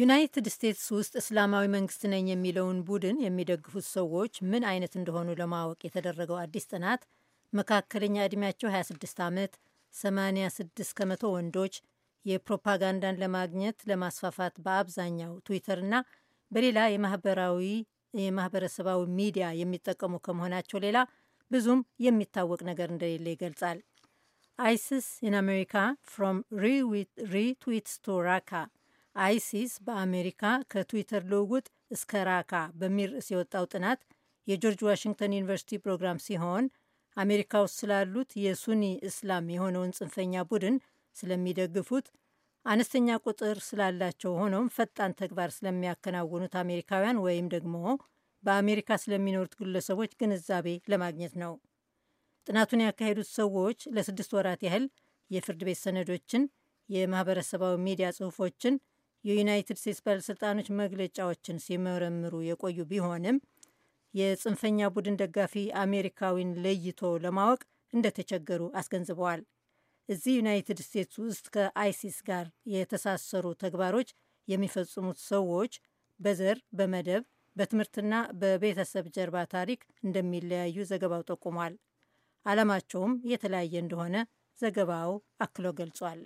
ዩናይትድ ስቴትስ ውስጥ እስላማዊ መንግስት ነኝ የሚለውን ቡድን የሚደግፉት ሰዎች ምን አይነት እንደሆኑ ለማወቅ የተደረገው አዲስ ጥናት መካከለኛ ዕድሜያቸው 26 ዓመት 86 ከመቶ ወንዶች የፕሮፓጋንዳን ለማግኘት ለማስፋፋት በአብዛኛው ትዊተርና በሌላ የማህበራዊ የማህበረሰባዊ ሚዲያ የሚጠቀሙ ከመሆናቸው ሌላ ብዙም የሚታወቅ ነገር እንደሌለ ይገልጻል። አይሲስ ኢን አሜሪካ ፍሮም ሪትዊትስ ቱ ራካ አይሲስ በአሜሪካ ከትዊተር ልውውጥ እስከ ራካ በሚል ርዕስ የወጣው ጥናት የጆርጅ ዋሽንግተን ዩኒቨርሲቲ ፕሮግራም ሲሆን አሜሪካ ውስጥ ስላሉት የሱኒ እስላም የሆነውን ጽንፈኛ ቡድን ስለሚደግፉት አነስተኛ ቁጥር ስላላቸው ሆነውም ፈጣን ተግባር ስለሚያከናውኑት አሜሪካውያን ወይም ደግሞ በአሜሪካ ስለሚኖሩት ግለሰቦች ግንዛቤ ለማግኘት ነው። ጥናቱን ያካሄዱት ሰዎች ለስድስት ወራት ያህል የፍርድ ቤት ሰነዶችን፣ የማህበረሰባዊ ሚዲያ ጽሑፎችን፣ የዩናይትድ ስቴትስ ባለሥልጣኖች መግለጫዎችን ሲመረምሩ የቆዩ ቢሆንም የጽንፈኛ ቡድን ደጋፊ አሜሪካዊን ለይቶ ለማወቅ እንደተቸገሩ አስገንዝበዋል። እዚህ ዩናይትድ ስቴትስ ውስጥ ከአይሲስ ጋር የተሳሰሩ ተግባሮች የሚፈጽሙት ሰዎች በዘር፣ በመደብ፣ በትምህርትና በቤተሰብ ጀርባ ታሪክ እንደሚለያዩ ዘገባው ጠቁሟል። ዓላማቸውም የተለያየ እንደሆነ ዘገባው አክሎ ገልጿል።